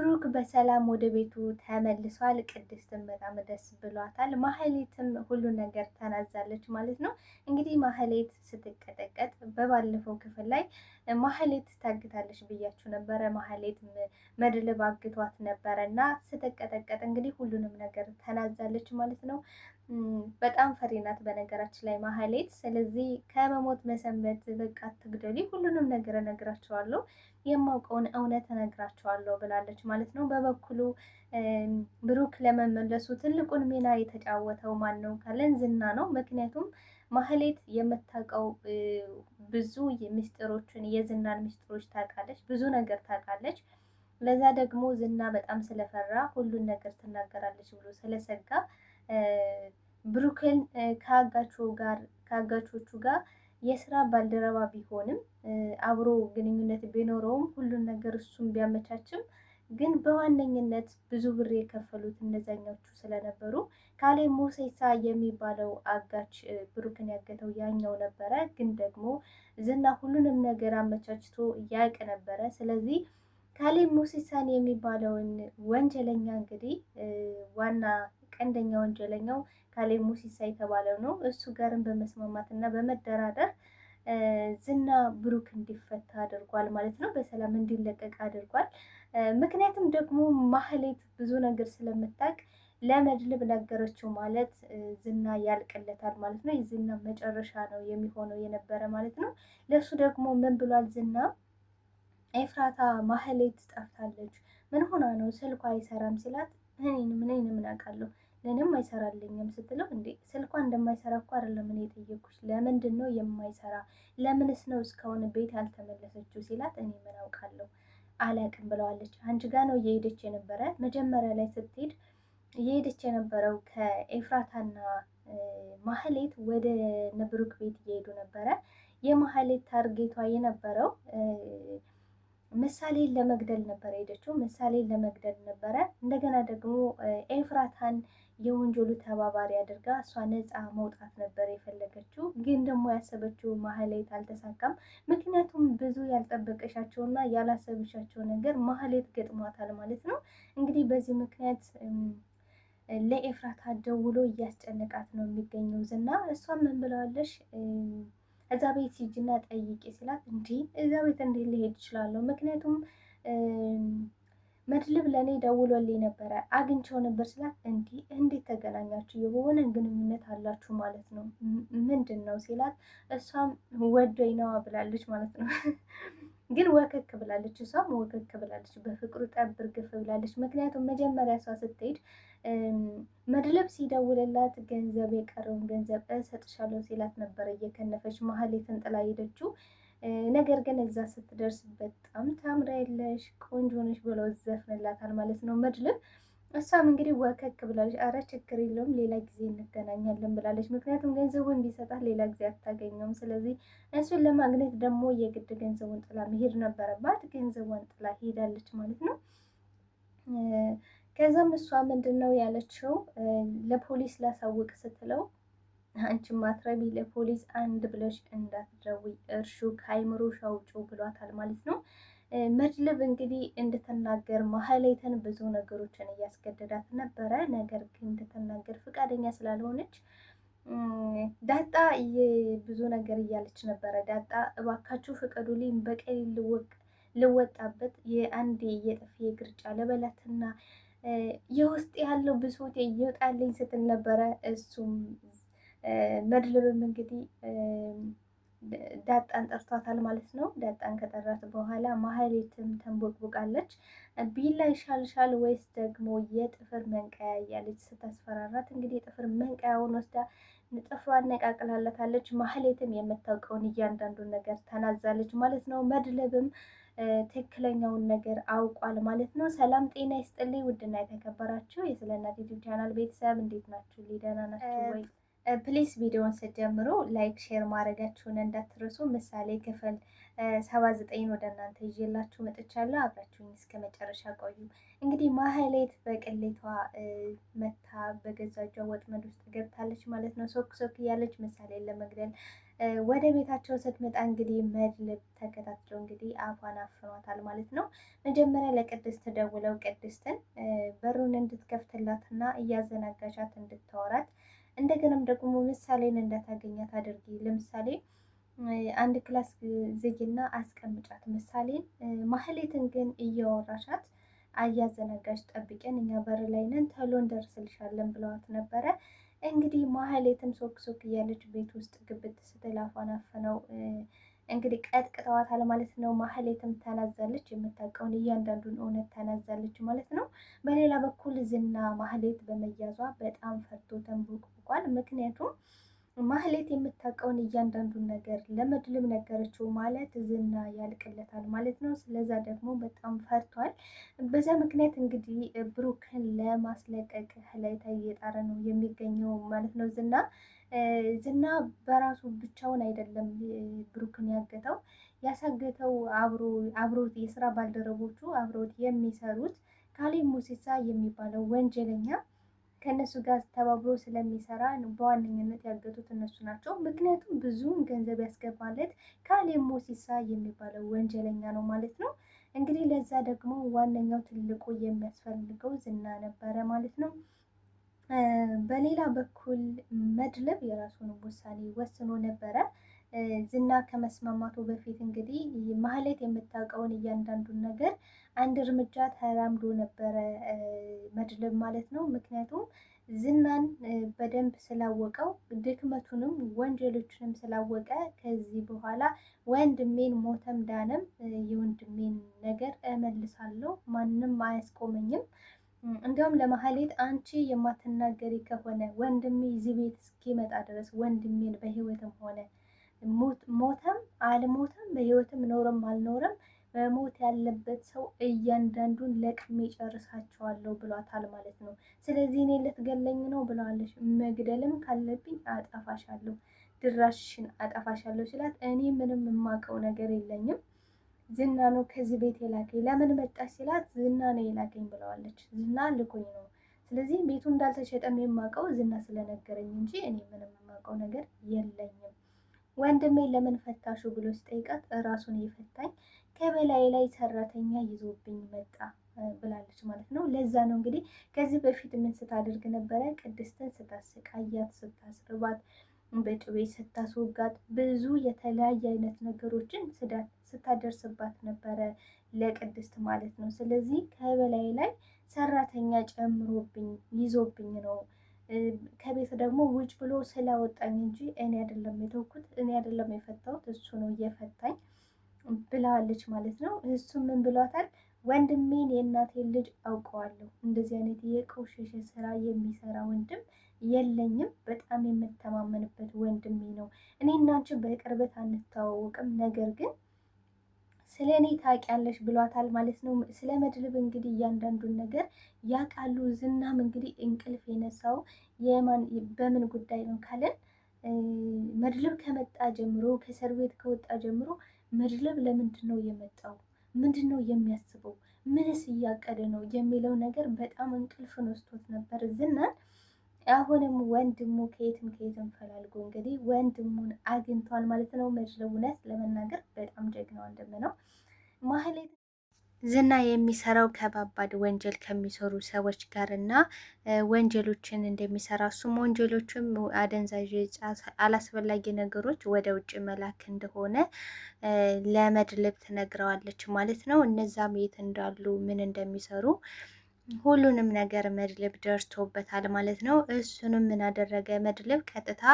ብሩክ በሰላም ወደ ቤቱ ተመልሷል። ቅድስትም በጣም ደስ ብሏታል። ማህሌትም ሁሉ ነገር ተናዛለች ማለት ነው። እንግዲህ ማህሌት ስትቀጠቀጥ በባለፈው ክፍል ላይ ማህሌት ታግታለች ብያችሁ ነበረ። ማህሌት መድልብ አግቷት ነበረ እና ስትቀጠቀጥ እንግዲህ ሁሉንም ነገር ተናዛለች ማለት ነው። በጣም ፈሪ ናት በነገራችን ላይ ማህሌት። ስለዚህ ከመሞት መሰንበት በቃ ትግደሊ፣ ሁሉንም ነገር እነግራቸዋለሁ፣ የማውቀውን እውነት እነግራቸዋለሁ ብላለች ማለት ነው። በበኩሉ ብሩክ ለመመለሱ ትልቁን ሚና የተጫወተው ማን ነው ካለን ዝና ነው። ምክንያቱም ማህሌት የምታውቀው ብዙ ምስጢሮችን የዝናን ምስጢሮች ታውቃለች፣ ብዙ ነገር ታውቃለች። ለዛ ደግሞ ዝና በጣም ስለፈራ ሁሉን ነገር ትናገራለች ብሎ ስለሰጋ ብሩክን ከአጋቹ ጋር ከአጋቾቹ ጋር የስራ ባልደረባ ቢሆንም አብሮ ግንኙነት ቢኖረውም ሁሉን ነገር እሱም ቢያመቻችም ግን በዋነኝነት ብዙ ብር የከፈሉት እነዛኞቹ ስለነበሩ ካሌ ሞሴሳ የሚባለው አጋች ብሩክን ያገተው ያኛው ነበረ። ግን ደግሞ ዝና ሁሉንም ነገር አመቻችቶ ያቅ ነበረ። ስለዚህ ካሌ ሞሴሳን የሚባለውን ወንጀለኛ እንግዲህ ዋና ቀንደኛ ወንጀለኛው ካሌ ሙሲሳ የተባለው ነው። እሱ ጋርም በመስማማት እና በመደራደር ዝና ብሩክ እንዲፈታ አድርጓል ማለት ነው። በሰላም እንዲለቀቅ አድርጓል። ምክንያቱም ደግሞ ማህሌት ብዙ ነገር ስለምታውቅ ለመድልብ ነገረችው ማለት ዝና ያልቅለታል ማለት ነው። የዝና መጨረሻ ነው የሚሆነው የነበረ ማለት ነው። ለእሱ ደግሞ ምን ብሏል ዝና? ኤፍራታ ማህሌት ጠፍታለች፣ ምን ሆና ነው ስልኳ አይሰራም ሲላት እኔን ምን ምን አውቃለሁ ለእኔም አይሰራልኝም ስትለው እንዴ ስልኳ እንደማይሰራ እኮ አይደለም እኔ የጠየኩሽ፣ ለምንድን ነው የማይሰራ? ለምንስ ነው እስካሁን ቤት ያልተመለሰችው ሲላት እኔ ምን አውቃለሁ አላቅም ብለዋለች። አንቺ ጋ ነው እየሄደች የነበረ መጀመሪያ ላይ ስትሄድ እየሄደች የነበረው ከኤፍራታና ማህሌት ወደ ነብሩክ ቤት እየሄዱ ነበረ። የማህሌት ታርጌቷ የነበረው ምሳሌን ለመግደል ነበረ። ሄደችው ምሳሌን ለመግደል ነበረ። እንደገና ደግሞ ኤፍራታን የወንጀሉ ተባባሪ አድርጋ እሷ ነፃ መውጣት ነበር የፈለገችው። ግን ደግሞ ያሰበችው ማህሌት አልተሳካም። ምክንያቱም ብዙ ያልጠበቀሻቸውና ያላሰበሻቸው ነገር ማህሌት ገጥሟታል ማለት ነው። እንግዲህ በዚህ ምክንያት ለኤፍራታ ደውሎ እያስጨነቃት ነው የሚገኘው ዝና። እሷም ምን ብለዋለሽ እዛ ቤት ሂጂና ጠይቂ ሲላት፣ እንዲህ እዛ ቤት እንዴት ልሄድ እችላለሁ? ምክንያቱም መድልብ ለእኔ ደውሎልኝ ነበረ አግኝቸው ነበር ስላት፣ እንዲ እንዴት ተገናኛችሁ? የሆነ ግንኙነት አላችሁ ማለት ነው ምንድን ነው ሲላት፣ እሷም ወዶኝ ነዋ ብላለች ማለት ነው። ግን ወከክ ብላለች፣ እሷም ወከክ ብላለች፣ በፍቅሩ ጠብ እርግፍ ብላለች። ምክንያቱም መጀመሪያ እሷ ስትሄድ መድልብ ሲደውልላት ገንዘብ የቀረውን ገንዘብ እሰጥሻለሁ ሲላት ነበረ እየከነፈች መሀል ጥላ ሄደችው። ነገር ግን እዛ ስትደርስ በጣም ታምራ የለሽ ቆንጆ ነሽ ብለው ዘፍንላታል ማለት ነው መድልን። እሷም እንግዲህ ወከክ ብላለች። አረ ችግር የለውም ሌላ ጊዜ እንገናኛለን ብላለች። ምክንያቱም ገንዘቡን ቢሰጣት ሌላ ጊዜ አታገኘውም። ስለዚህ እሱን ለማግኘት ደግሞ የግድ ገንዘቡን ጥላ መሄድ ነበረባት። ገንዘቡን ጥላ ሄዳለች ማለት ነው። ከዛም እሷ ምንድን ነው ያለችው ለፖሊስ ላሳውቅ ስትለው አንቺ ማትረቢ ለፖሊስ አንድ ብለሽ እንዳትደዊ እርሹ ከአይምሮሽ አውጪው ብሏታል ማለት ነው። መድለብ እንግዲህ እንድትናገር ማህሌትን ብዙ ነገሮችን እያስገደዳት ነበረ። ነገር ግን እንድትናገር ፈቃደኛ ስላልሆነች ዳጣ ብዙ ነገር እያለች ነበረ። ዳጣ እባካችሁ ፍቀዱልኝ፣ በቀል ልወቅ ልወጣበት የአንዴ የጥፊ ግርጫ ለበላትና የውስጥ ያለው ብሶቴ ይውጣልኝ ስትል ነበረ እሱም መድልብም እንግዲህ ዳጣን ጠርቷታል ማለት ነው። ዳጣን ከጠራት በኋላ ማህሌትም ተንቦቅቦቃለች። ቢላ ይሻልሻል ወይስ ደግሞ የጥፍር መንቀያ እያለች ስታስፈራራት እንግዲህ የጥፍር መንቀያውን ወስዳ ጥፍሯ አነቃቅላለታለች። ማህሌትም የምታውቀውን እያንዳንዱን ነገር ተናዛለች ማለት ነው። መድብልም ትክክለኛውን ነገር አውቋል ማለት ነው። ሰላም ጤና ይስጥልኝ። ውድና የተከበራችሁ የስለና ዩቲዩብ ቻናል ቤተሰብ እንዴት ናችሁ? ደህና ናችሁ ወይ? ፕሊስ ቪዲዮን ስትጀምሩ ላይክ ሼር ማድረጋችሁን እንዳትረሱ። ምሳሌ ክፍል ሰባ ዘጠኝን ወደ እናንተ ይዤላችሁ መጥቻለሁ። አብራችሁኝ እስከ መጨረሻ ቆዩ። እንግዲህ ማህሌት በቅሌቷ መታ በገዛ እጇ ወጥመድ ውስጥ ገብታለች ማለት ነው። ሶክ ሶክ እያለች ምሳሌን ለመግደል ወደ ቤታቸው ስትመጣ እንግዲህ መድልብ ተከታትሎ እንግዲህ አፏን አፍኗታል ማለት ነው። መጀመሪያ ለቅድስት ደውለው ቅድስትን በሩን እንድትከፍትላትና እያዘናጋቻት እንድታወራት እንደገናም ደግሞ ምሳሌን እንዳታገኛት አድርጊ። ለምሳሌ አንድ ክላስ ዝግና አስቀምጫት። ምሳሌን ማህሌትን ግን እያወራሻት አያዘናጋሽ፣ ጠብቀን እኛ በር ላይ ነን፣ ተሎ እንደርስልሻለን ብለዋት ነበረ። እንግዲህ ማህሌትም ሶክ ሶክ እያለች ቤት ውስጥ ግብት ስትል አፏን አፍነው እንግዲህ ቀጥቅጠዋታል ማለት ነው። ማህሌትም ተናዛለች፣ የምታውቀውን እያንዳንዱን እውነት ተናዛለች ማለት ነው። በሌላ በኩል ዝና ማህሌት በመያዟ በጣም ፈርቶ ተንቦቅ ተጠናቋል። ምክንያቱም ማህሌት የምታውቀውን እያንዳንዱን ነገር ለመድልም ነገረችው ማለት ዝና ያልቅለታል ማለት ነው። ስለዛ ደግሞ በጣም ፈርቷል። በዛ ምክንያት እንግዲህ ብሩክን ለማስለቀቅ ላይ እየጣረ ነው የሚገኘው ማለት ነው። ዝና ዝና በራሱ ብቻውን አይደለም ብሩክን ያገተው ያሳገተው አብሮት የስራ ባልደረቦቹ አብሮት የሚሰሩት ካሌ ሙሴሳ የሚባለው ወንጀለኛ ከእነሱ ጋር ተባብሮ ስለሚሰራ በዋነኝነት ያገቱት እነሱ ናቸው። ምክንያቱም ብዙውን ገንዘብ ያስገባለት ካሌብ ሞሲሳ የሚባለው ወንጀለኛ ነው ማለት ነው። እንግዲህ ለዛ ደግሞ ዋነኛው ትልቁ የሚያስፈልገው ዝና ነበረ ማለት ነው። በሌላ በኩል መድለብ የራሱን ውሳኔ ወስኖ ነበረ። ዝና ከመስማማቱ በፊት እንግዲህ ማህሌት የምታውቀውን እያንዳንዱን ነገር አንድ እርምጃ ተራምዶ ነበረ መድብል ማለት ነው። ምክንያቱም ዝናን በደንብ ስላወቀው ድክመቱንም ወንጀሎችንም ስላወቀ ከዚህ በኋላ ወንድሜን ሞተም ዳነም የወንድሜን ነገር እመልሳለሁ፣ ማንም አያስቆመኝም። እንዲሁም ለማህሌት አንቺ የማትናገሪ ከሆነ ወንድሜ እዚህ ቤት እስኪመጣ ድረስ ወንድሜን በህይወትም ሆነ ሞተም አልሞተም በህይወትም ኖረም አልኖረም በሞት ያለበት ሰው እያንዳንዱን ለቅሜ ጨርሳቸዋለሁ ብሏታል ማለት ነው። ስለዚህ እኔ ልትገለኝ ነው ብለዋለች። መግደልም ካለብኝ አጠፋሻለሁ፣ ድራሽን አጠፋሻለሁ ሲላት እኔ ምንም የማውቀው ነገር የለኝም ዝና ነው ከዚህ ቤት የላከኝ። ለምን መጣሽ ሲላት ዝና ነው የላከኝ ብለዋለች። ዝና ልኮኝ ነው። ስለዚህ ቤቱ እንዳልተሸጠም የማውቀው ዝና ስለነገረኝ እንጂ እኔ ምንም የማውቀው ነገር የለኝም። ወንድሜ ለምን ፈታሹ ብሎ ሲጠይቃት ራሱን የፈታኝ ከበላይ ላይ ሰራተኛ ይዞብኝ መጣ ብላለች ማለት ነው። ለዛ ነው እንግዲህ ከዚህ በፊት ምን ስታደርግ ነበረ? ቅድስትን ስታሰቃያት፣ ስታስርባት፣ በጩቤ ስታስወጋት፣ ብዙ የተለያየ አይነት ነገሮችን ስታደርስባት ነበረ ለቅድስት ማለት ነው። ስለዚህ ከበላይ ላይ ሰራተኛ ጨምሮብኝ ይዞብኝ ነው ከቤት ደግሞ ውጭ ብሎ ስላወጣኝ እንጂ እኔ አይደለም የተውኩት፣ እኔ አይደለም የፈታሁት፣ እሱ ነው እየፈታኝ ብለዋለች ማለት ነው። እሱ ምን ብሏታል? ወንድሜን የእናቴን ልጅ አውቀዋለሁ። እንደዚህ አይነት የቆሸሸ ስራ የሚሰራ ወንድም የለኝም። በጣም የምተማመንበት ወንድሜ ነው። እኔ እናንቺ በቅርበት አንተዋወቅም፣ ነገር ግን ስለ እኔ ታውቂያለሽ ብሏታል ማለት ነው። ስለ መድብል እንግዲህ እያንዳንዱን ነገር ያውቃሉ። ዝናም እንግዲህ እንቅልፍ የነሳው የማን በምን ጉዳይ ነው ካለን መድብል ከመጣ ጀምሮ ከእስር ቤት ከወጣ ጀምሮ መድብል ለምንድን ነው የመጣው? ምንድን ነው የሚያስበው? ምንስ እያቀደ ነው የሚለው ነገር በጣም እንቅልፍን ወስዶት ነበር ዝናን አሁንም ወንድሙ ከየትም ከየትም ፈላልጎ እንግዲህ ወንድሙን አግኝቷል ማለት ነው። መድር እውነት ለመናገር በጣም ጀግና ወንድም ነው። ማህሌት ዝና የሚሰራው ከባባድ ወንጀል ከሚሰሩ ሰዎች ጋር እና ወንጀሎችን እንደሚሰራ እሱም ወንጀሎችም አደንዛዥ አላስፈላጊ ነገሮች ወደ ውጭ መላክ እንደሆነ ለመድልብ ትነግረዋለች ማለት ነው። እነዛም የት እንዳሉ ምን እንደሚሰሩ ሁሉንም ነገር መድልብ ደርሶበታል ማለት ነው። እሱንም ምን አደረገ መድልብ ቀጥታ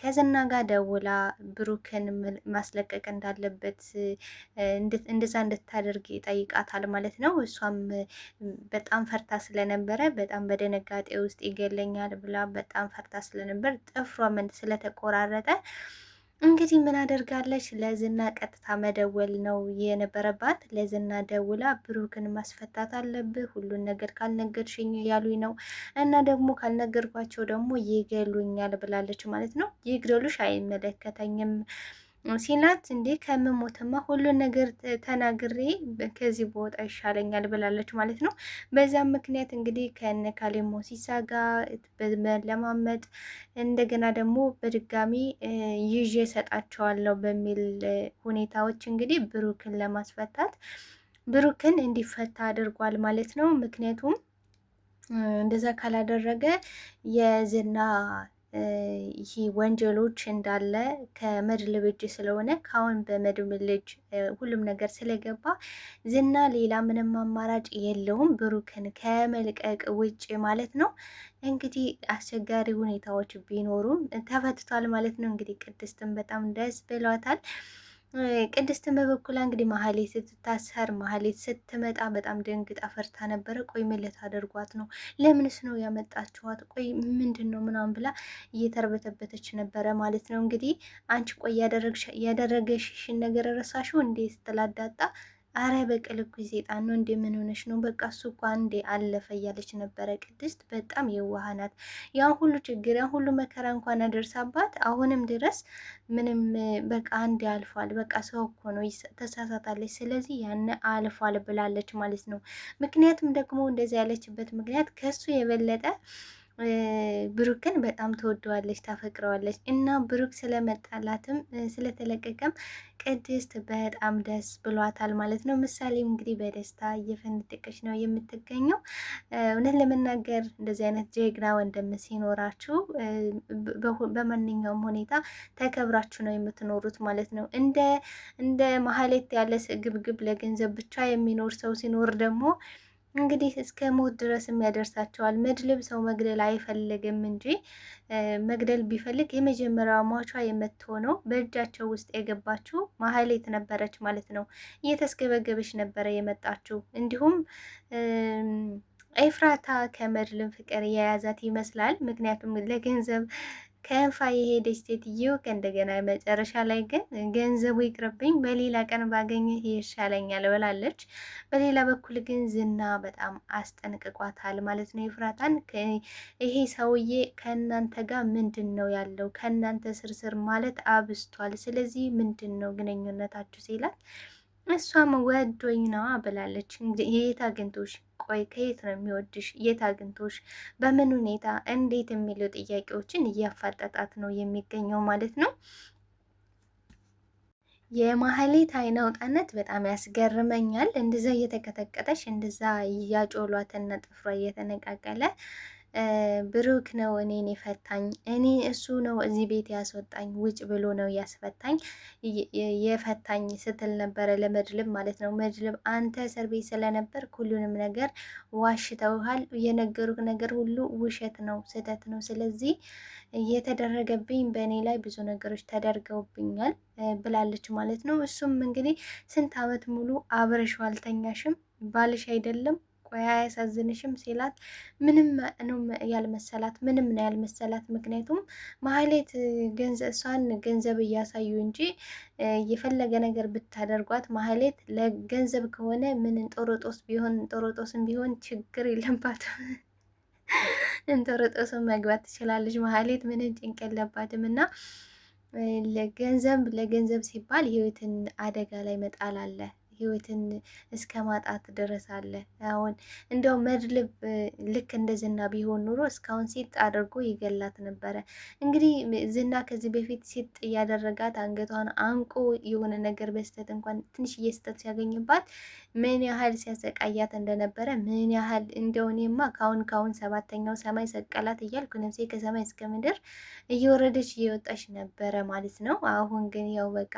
ከዝና ጋር ደውላ ብሩክን ማስለቀቅ እንዳለበት እንደዛ እንድታደርግ ይጠይቃታል ማለት ነው። እሷም በጣም ፈርታ ስለነበረ በጣም በደነጋጤ ውስጥ ይገለኛል ብላ በጣም ፈርታ ስለነበር ጥፍሯ ስለተቆራረጠ እንግዲህ ምን አደርጋለች? ለዝና ቀጥታ መደወል ነው የነበረባት። ለዝና ደውላ ብሩክን ማስፈታት አለብህ፣ ሁሉን ነገር ካልነገርሽኝ ያሉኝ ነው እና ደግሞ ካልነገርኳቸው ደግሞ ይገሉኛል ብላለች ማለት ነው። ይግደሉሽ አይመለከተኝም ሲላት እንዴ ከምሞትማ ሁሉን ነገር ተናግሬ ከዚህ ቦታ ይሻለኛል ብላለች ማለት ነው። በዛም ምክንያት እንግዲህ ከነ ሞሲሳ ጋር በመለማመጥ እንደገና ደግሞ በድጋሚ ይዤ ሰጣቸዋለሁ በሚል ሁኔታዎች እንግዲህ ብሩክን ለማስፈታት ብሩክን እንዲፈታ አድርጓል ማለት ነው። ምክንያቱም እንደዛ ካላደረገ የዝና ይሄ ወንጀሎች እንዳለ ከመድብል እጅ ስለሆነ ካሁን በመድብል እጅ ሁሉም ነገር ስለገባ ዝና ሌላ ምንም አማራጭ የለውም ብሩክን ከመልቀቅ ውጭ ማለት ነው። እንግዲህ አስቸጋሪ ሁኔታዎች ቢኖሩም ተፈትቷል ማለት ነው። እንግዲህ ቅድስትን በጣም ደስ ብሏታል። ቅድስትን በበኩላ እንግዲህ መሀሌት ስትታሰር መሀሌት ስትመጣ በጣም ደንግጣ ፈርታ ነበረ። ቆይ ምን ልታደርጓት ነው? ለምንስ ነው ያመጣችኋት? ቆይ ምንድን ነው ምናምን ብላ እየተርበተበተች ነበረ ማለት ነው። እንግዲህ አንቺ ቆይ ያደረገሽሽን ነገር ረሳሽው እንዴ ስትላዳጣ አረ በቅል እኮ ሰይጣን ነው እንዴ? ምን ሆነሽ ነው? በቃ እሱ እኮ አንዴ አለፈ እያለች ነበረ ቅድስት። በጣም የዋህ ያ ሁሉ ችግር ያ ሁሉ መከራ እንኳን አደርሳባት አሁንም ድረስ ምንም በቃ አንዴ አልፏል። በቃ ሰው እኮ ነው ተሳሳታለች። ስለዚህ ያን አልፏል ብላለች ማለት ነው። ምክንያቱም ደግሞ እንደዚያ ያለችበት ምክንያት ከሱ የበለጠ ብሩክን በጣም ትወደዋለች፣ ታፈቅረዋለች እና ብሩክ ስለመጣላትም ስለተለቀቀም ቅድስት በጣም ደስ ብሏታል ማለት ነው። ምሳሌም እንግዲህ በደስታ እየፈነደቀች ነው የምትገኘው። እውነት ለመናገር እንደዚህ አይነት ጀግና ወንድም ሲኖራችሁ በማንኛውም ሁኔታ ተከብራችሁ ነው የምትኖሩት ማለት ነው። እንደ እንደ ማህሌት ያለ ግብግብ ለገንዘብ ብቻ የሚኖር ሰው ሲኖር ደግሞ እንግዲህ እስከ ሞት ድረስም ያደርሳቸዋል። መድልብ ሰው መግደል አይፈልግም እንጂ መግደል ቢፈልግ የመጀመሪያ ሟቿ የምትሆነው በእጃቸው ውስጥ የገባችው ማህሌት ነበረች ማለት ነው። እየተስገበገበች ነበረ የመጣችው እንዲሁም ኤፍራታ ከመድልም ፍቅር የያዛት ይመስላል። ምክንያቱም ለገንዘብ ከንፋ የሄደች ሴትዮ ከእንደገና መጨረሻ ላይ ግን ገንዘቡ ይቅርብኝ በሌላ ቀን ባገኝህ ይሻለኛል ብላለች። በሌላ በኩል ግን ዝና በጣም አስጠንቅቋታል ማለት ነው ይፍራታን ይሄ ሰውዬ ከእናንተ ጋር ምንድን ነው ያለው? ከእናንተ ስርስር ማለት አብስቷል። ስለዚህ ምንድን ነው ግንኙነታችሁ ሲላት እሷም ወዶኝ ነዋ ብላለች። የት አግኝቶሽ? ቆይ ከየት ነው የሚወድሽ? የት አግኝቶሽ? በምን ሁኔታ? እንዴት የሚሉ ጥያቄዎችን እያፋጠጣት ነው የሚገኘው ማለት ነው። የማህሌት አይነ አውጣነት በጣም ያስገርመኛል። እንደዛ እየተቀጠቀጠች እንደዛ እያጮሏትና ጥፍሯ እየተነቃቀለ ብሩክ ነው እኔን የፈታኝ። እኔ እሱ ነው እዚህ ቤት ያስወጣኝ፣ ውጭ ብሎ ነው ያስፈታኝ የፈታኝ ስትል ነበረ ለመድልብ ማለት ነው። መድልብ አንተ እስር ቤት ስለነበር ሁሉንም ነገር ዋሽተውሃል፣ የነገሩህ ነገር ሁሉ ውሸት ነው፣ ስህተት ነው። ስለዚህ የተደረገብኝ በእኔ ላይ ብዙ ነገሮች ተደርገውብኛል ብላለች ማለት ነው። እሱም እንግዲህ ስንት ዓመት ሙሉ አብረሽው አልተኛሽም፣ ባልሽ አይደለም ቆይ አያሳዝንሽም ሲላት ምንም ነው ያልመሰላት፣ ምንም ነው ያልመሰላት። ምክንያቱም ማህሌት ገንዘብ እሷን ገንዘብ እያሳዩ እንጂ የፈለገ ነገር ብታደርጓት ማህሌት ለገንዘብ ከሆነ ምን እንጦሮጦስ ቢሆን እንጦሮጦስም ቢሆን ችግር የለባትም። እንጦሮጦስም መግባት ትችላለች። መሀሌት ምንም ጭንቅ የለባትም እና ለገንዘብ ለገንዘብ ሲባል ህይወትን አደጋ ላይ መጣል አለ። ህይወትን እስከ ማጣት አለ። አሁን እንደው መድልብ ልክ እንደ ዝና ቢሆን ኑሮ እስካሁን ሲጥ አድርጎ ይገላት ነበረ። እንግዲህ ዝና ከዚህ በፊት ሲጥ እያደረጋት አንገቷን አንቆ የሆነ ነገር በስተት እንኳን ትንሽዬ ስህተት ሲያገኝባት ምን ያህል ሲያሰቃያት እንደነበረ ምን ያህል እንደው እኔማ ካሁን ካሁን ሰባተኛው ሰማይ ሰቀላት እያልኩ ነፍሴ ከሰማይ እስከ ምድር እየወረደች እየወጣች ነበረ ማለት ነው። አሁን ግን ያው በቃ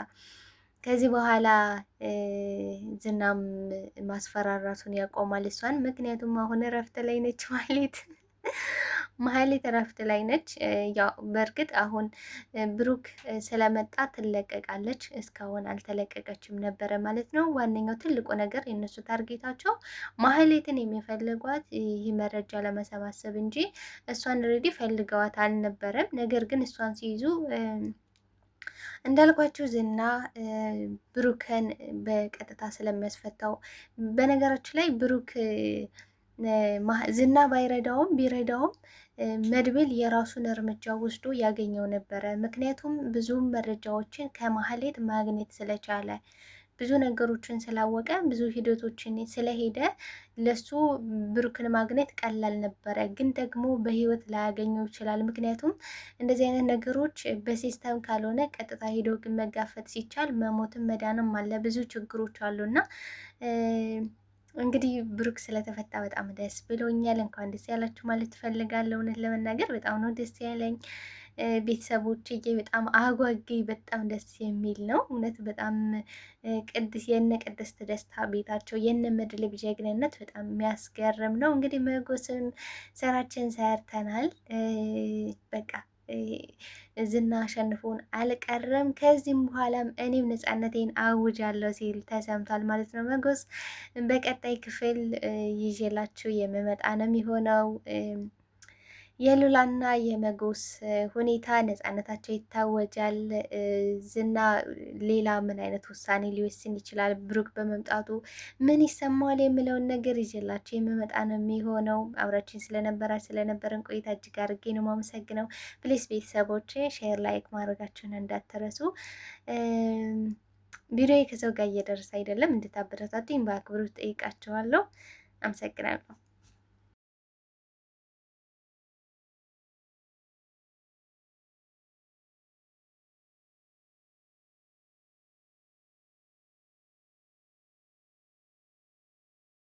ከዚህ በኋላ ዝናም ማስፈራራቱን ያቆማል እሷን። ምክንያቱም አሁን እረፍት ላይ ነች ማለት መሀሌት እረፍት ላይ ነች። ያው በእርግጥ አሁን ብሩክ ስለመጣ ትለቀቃለች። እስካሁን አልተለቀቀችም ነበረ ማለት ነው። ዋነኛው ትልቁ ነገር የእነሱ ታርጌታቸው መሀሌትን የሚፈልጓት ይህ መረጃ ለመሰባሰብ እንጂ እሷን ሬዲ ፈልገዋት አልነበረም። ነገር ግን እሷን ሲይዙ እንዳልኳችሁ ዝና ብሩክን በቀጥታ ስለሚያስፈታው በነገራችሁ ላይ ብሩክ ዝና ባይረዳውም ቢረዳውም መድብል የራሱን እርምጃ ወስዶ ያገኘው ነበረ። ምክንያቱም ብዙም መረጃዎችን ከማህሌት ማግኘት ስለቻለ ብዙ ነገሮችን ስላወቀ ብዙ ሂደቶችን ስለሄደ ለሱ ብሩክን ማግኘት ቀላል ነበረ፣ ግን ደግሞ በህይወት ላያገኘው ይችላል። ምክንያቱም እንደዚህ አይነት ነገሮች በሲስተም ካልሆነ ቀጥታ ሂዶ ግን መጋፈጥ ሲቻል መሞትም መዳንም አለ። ብዙ ችግሮች አሉና እንግዲህ ብሩክ ስለተፈታ በጣም ደስ ብሎኛል። እንኳን ደስ ያላችሁ ማለት ትፈልጋለሁ። እውነት ለመናገር በጣም ነው ደስ ያለኝ። ቤተሰቦቼ በጣም አጓጊ በጣም ደስ የሚል ነው። እውነት በጣም ቅድስ የነ ቅድስት ደስታ ቤታቸው የነ መድብል ጀግንነት በጣም የሚያስገርም ነው። እንግዲህ መጎስን ስራችን ሰርተናል። በቃ ዝና አሸንፎን አልቀረም። ከዚህም በኋላም እኔም ነጻነቴን አውጃለሁ ሲል ተሰምቷል ማለት ነው። መጎስ በቀጣይ ክፍል ይዤላችሁ የምመጣ ነው የሚሆነው። የሉላና የመጎስ ሁኔታ ነፃነታቸው ይታወጃል። ዝና ሌላ ምን አይነት ውሳኔ ሊወስን ይችላል? ብሩክ በመምጣቱ ምን ይሰማዋል የሚለውን ነገር ይዤላቸው የምመጣ ነው የሚሆነው። አብራችን ስለነበራ ስለነበረን ቆይታ እጅግ አድርጌ ነው የማመሰግነው። ፕሊስ ቤተሰቦች ሼር፣ ላይክ ማድረጋችሁን እንዳትረሱ። ቪዲዮ ከሰው ጋር እየደረሰ አይደለም እንድታበረታቱኝ በአክብሮት ጠይቃችኋለሁ። አመሰግናለሁ።